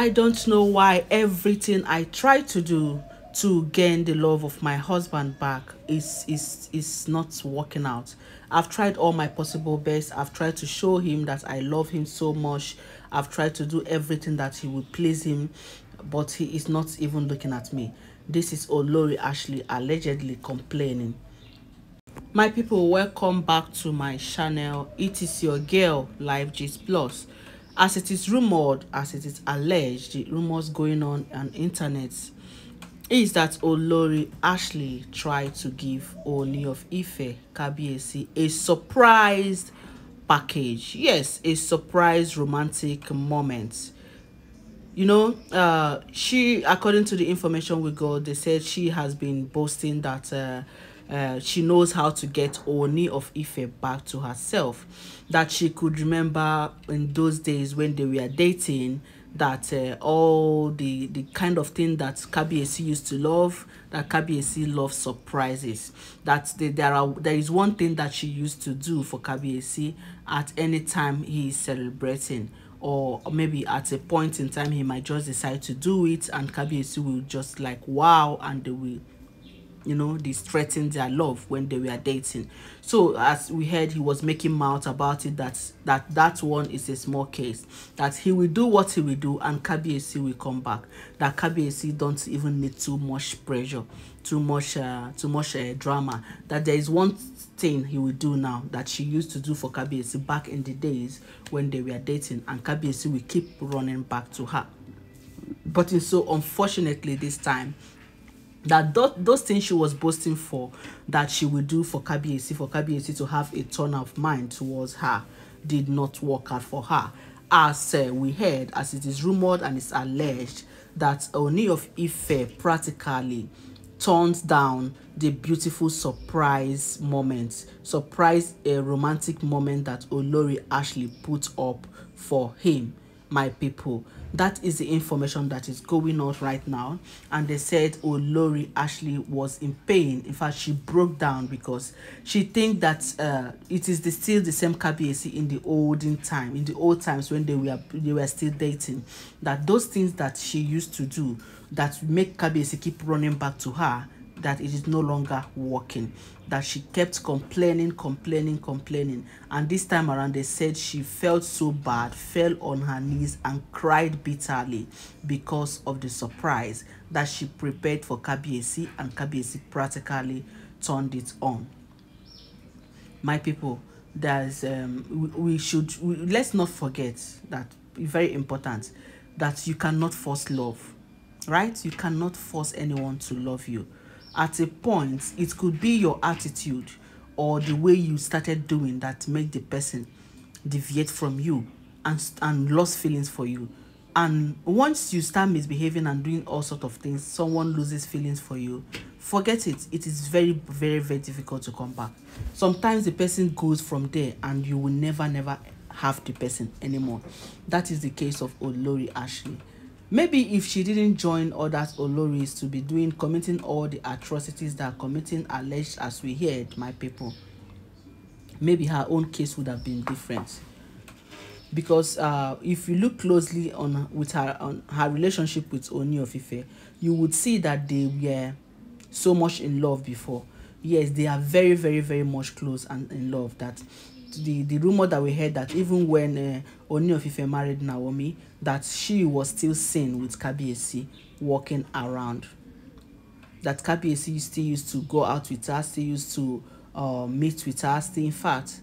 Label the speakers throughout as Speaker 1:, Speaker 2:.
Speaker 1: I don't know why everything I try to do to gain the love of my husband back is is is not working out i've tried all my possible best i've tried to show him that i love him so much i've tried to do everything that he would please him but he is not even looking at me this is olori ashley allegedly complaining my people welcome back to my channel it is your girl life gist plus As it is rumored, as it is alleged, the rumors going on on internet is that Olori Ashley tried to give Oni of Ife Kabiesi a surprise package. Yes, a surprise romantic moment. You know, uh, she, according to the information we got, they said she has been boasting that uh, Uh, she knows how to get Oni of Ife back to herself. That she could remember in those days when they were dating that uh, all the the kind of thing that KBC used to love that KBC loves surprises that the, there are there is one thing that she used to do for KBC at any time he is celebrating or maybe at a point in time he might just decide to do it and KBC will just like wow and they will you know this threatened their love when they were dating so as we heard he was making mouth about it that that that one is a small case that he will do what he will do and kbac will come back that kbac don't even need too much pressure too much uh, too much uh, drama that there is one thing he will do now that she used to do for kbac back in the days when they were dating and kbac will keep running back to her but so unfortunately this time that th those things she was boasting for that she would do for Kabiyesi for Kabiyesi to have a turn of mind towards her did not work out for her as uh, we heard as it is rumored and it's alleged that Oni of Ife practically turned down the beautiful surprise moment surprise a uh, romantic moment that Olori Ashley put up for him my people that is the information that is going on right now and they said oh Lori Ashley was in pain in fact she broke down because she think that uh, it is the, still the same KBAC in the olden time in the old times when they were they were still dating that those things that she used to do that make KBAC keep running back to her that it is no longer working that she kept complaining complaining complaining and this time around they said she felt so bad fell on her knees and cried bitterly because of the surprise that she prepared for kbac and kbac practically turned it on my people there's um we, we should we, let's not forget that very important that you cannot force love right you cannot force anyone to love you at a point it could be your attitude or the way you started doing that make the person deviate from you and and lost feelings for you and once you start misbehaving and doing all sort of things someone loses feelings for you forget it it is very very very difficult to come back sometimes the person goes from there and you will never never have the person anymore that is the case of olori ashley Maybe if she didn't join others Oloris to be doing, committing all the atrocities that are committing alleged as we heard, my people, maybe her own case would have been different. Because uh, if you look closely on with her on her relationship with Oni you would see that they were so much in love before. Yes, they are very, very, very much close and in love that the the rumor that we heard that even when uh, Oni of Ife married Naomi, that she was still seen with Kabiesi walking around. That Kabiesi still used to go out with her, still used to uh, meet with her, still in fact,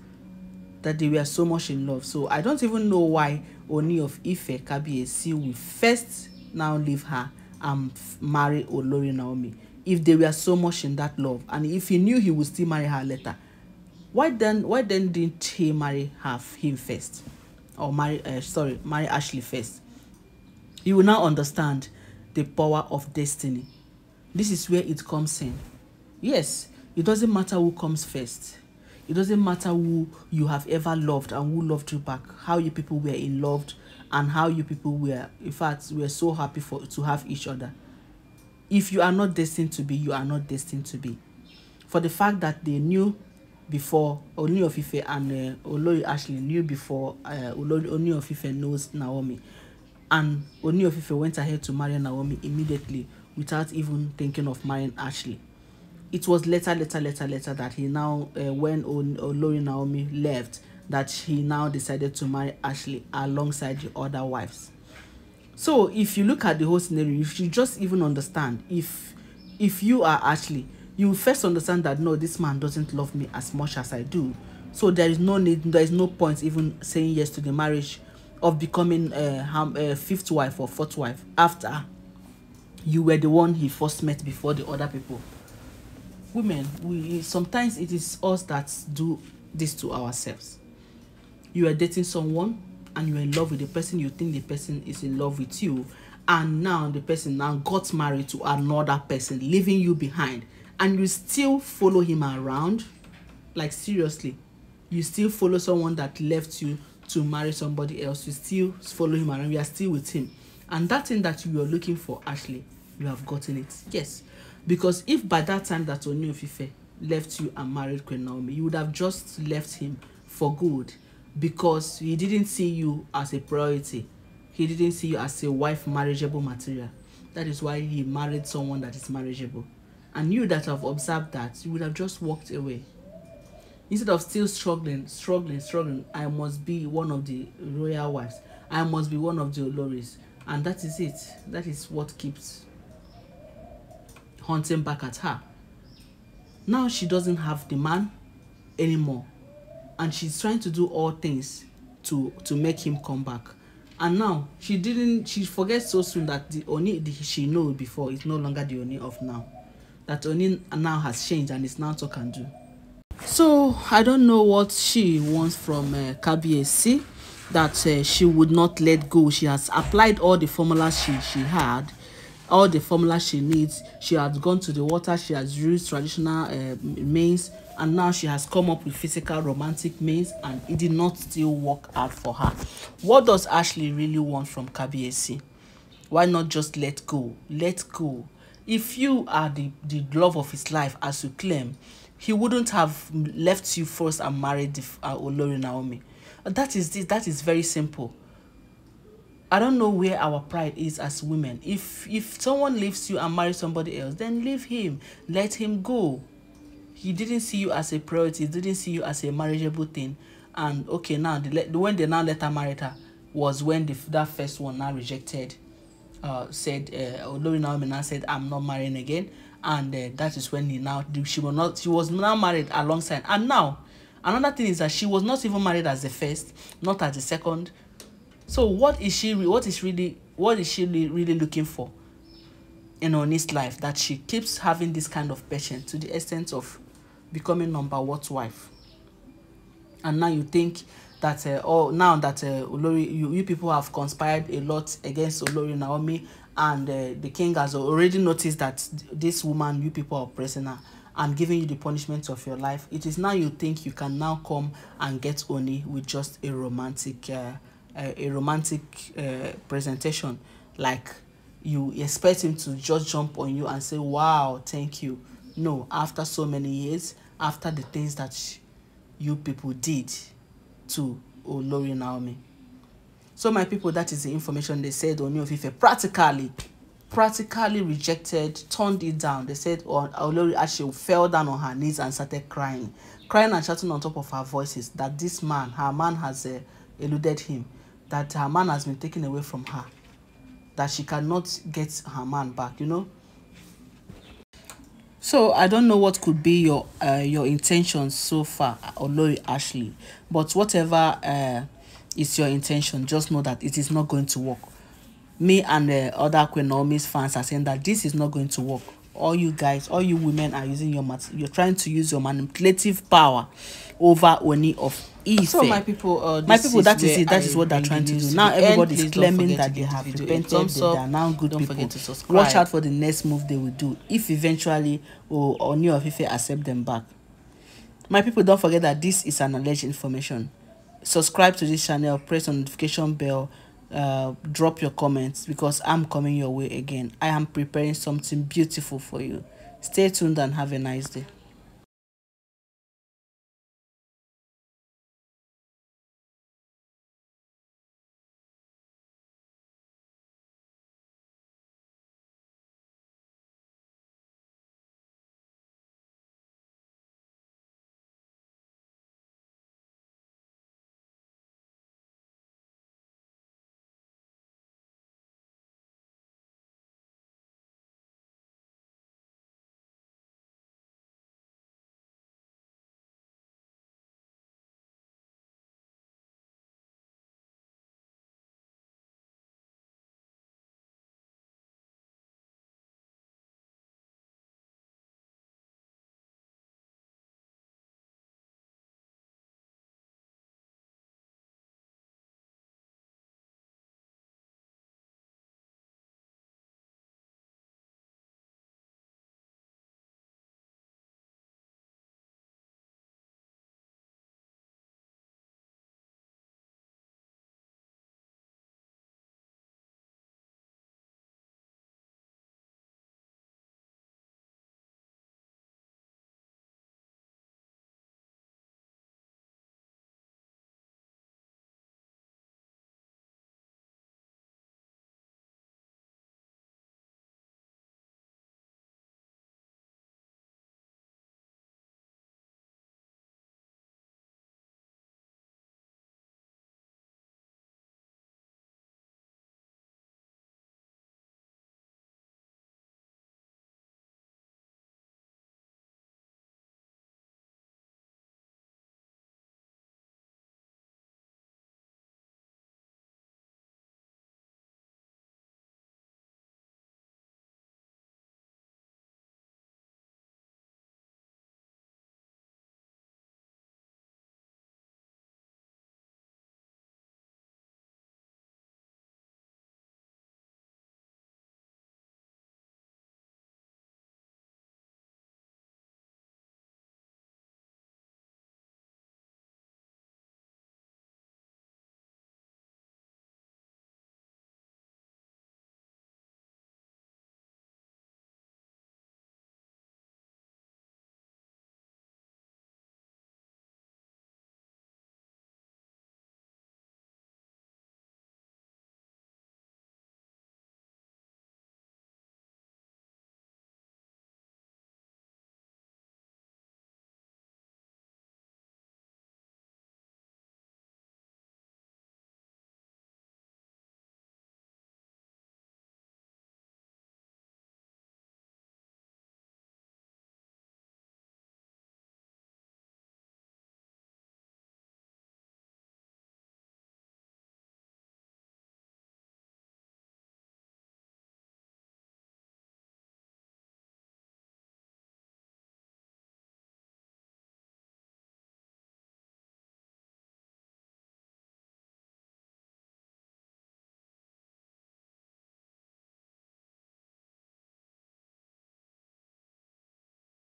Speaker 1: that they were so much in love. So I don't even know why Oni of Ife Kabiesi will first now leave her and marry Olori Naomi if they were so much in that love and if he knew he would still marry her later why then why then didn't he marry her him first or marry uh, sorry marry ashley first you will now understand the power of destiny this is where it comes in yes it doesn't matter who comes first it doesn't matter who you have ever loved and who loved you back how you people were in loved and how you people were in fact we were so happy for to have each other if you are not destined to be you are not destined to be for the fact that they knew before Oni of and uh, Olori actually knew before uh, Olori, Oni knows Naomi. And Oni of went ahead to marry Naomi immediately without even thinking of marrying Ashley. It was later, later, later, later that he now, uh, when Olori Naomi left, that he now decided to marry Ashley alongside the other wives. So if you look at the whole scenario, if you just even understand, if if you are Ashley, you first understand that no this man doesn't love me as much as i do so there is no need there is no point even saying yes to the marriage of becoming uh, a, a uh, fifth wife or fourth wife after you were the one he first met before the other people women we sometimes it is us that do this to ourselves you are dating someone and you're in love with the person you think the person is in love with you and now the person now got married to another person leaving you behind and you still follow him around like seriously you still follow someone that left you to marry somebody else you still follow him around you are still with him and that thing that you were looking for actually you have gotten it yes because if by that time that Ooni of left you and married Queen Naomi you would have just left him for good because he didn't see you as a priority he didn't see you as a wife marriageable material that is why he married someone that is marriageable and you that have observed that you would have just walked away instead of still struggling struggling struggling i must be one of the royal wives i must be one of the lorries, and that is it that is what keeps hunting back at her now she doesn't have the man anymore and she's trying to do all things to to make him come back and now she didn't she forgets so soon that the oni she know before is no longer the oni of now that Onin now has changed and is now talk and do. So I don't know what she wants from uh, Kabiyesi that uh, she would not let go. She has applied all the formulas she, she had, all the formulas she needs. She has gone to the water, she has used traditional uh, means, and now she has come up with physical romantic means, and it did not still work out for her. What does Ashley really want from Kabiyesi? Why not just let go? Let go if you are the, the love of his life as you claim he wouldn't have left you first and married the, uh, olori naomi that is this that is very simple i don't know where our pride is as women if if someone leaves you and marries somebody else then leave him let him go he didn't see you as a priority he didn't see you as a marriageable thing and okay now the, when they now let her marry her was when the, that first one now rejected Uh, said uh, Olori now said I'm not marrying again and uh, that is when he now she was not she was now married alongside and now another thing is that she was not even married as the first not as the second so what is she what is really what is she really looking for in honest life that she keeps having this kind of patience to the extent of becoming number what wife and now you think that uh, oh now that uh, Olori you, you people have conspired a lot against Olori Naomi and uh, the king has already noticed that this woman you people are pressing her and giving you the punishment of your life it is now you think you can now come and get Oni with just a romantic uh, uh, a romantic uh, presentation like you expect him to just jump on you and say wow thank you no after so many years after the things that you people did to Olori Naomi. So my people, that is the information they said Ooni of Ife practically, practically rejected, turned it down. They said oh, Olori Ashe fell down on her knees and started crying, crying and shouting on top of her voices that this man, her man has uh, eluded him, that her man has been taken away from her, that she cannot get her man back. You know, So I don't know what could be your uh, your intention so far, Oloy Ashley. But whatever uh, is your intention, just know that it is not going to work. Me and the uh, other Queen fans are saying that this is not going to work. All you guys, all you women are using your mat. You're trying to use your manipulative power over Oni of Ife. Eh, so my people, uh, my people, that is it. That I is what they're trying to do. Now everybody is claiming that they have repented. They are now good don't people. Forget to subscribe. Watch out for the next move they will do. If eventually or oh, new Oni of accept them back. My people, don't forget that this is an alleged information. Subscribe to this channel. Press on notification bell. Uh, drop your comments because I'm coming your way again. I am preparing something beautiful for you. Stay tuned and have a nice day.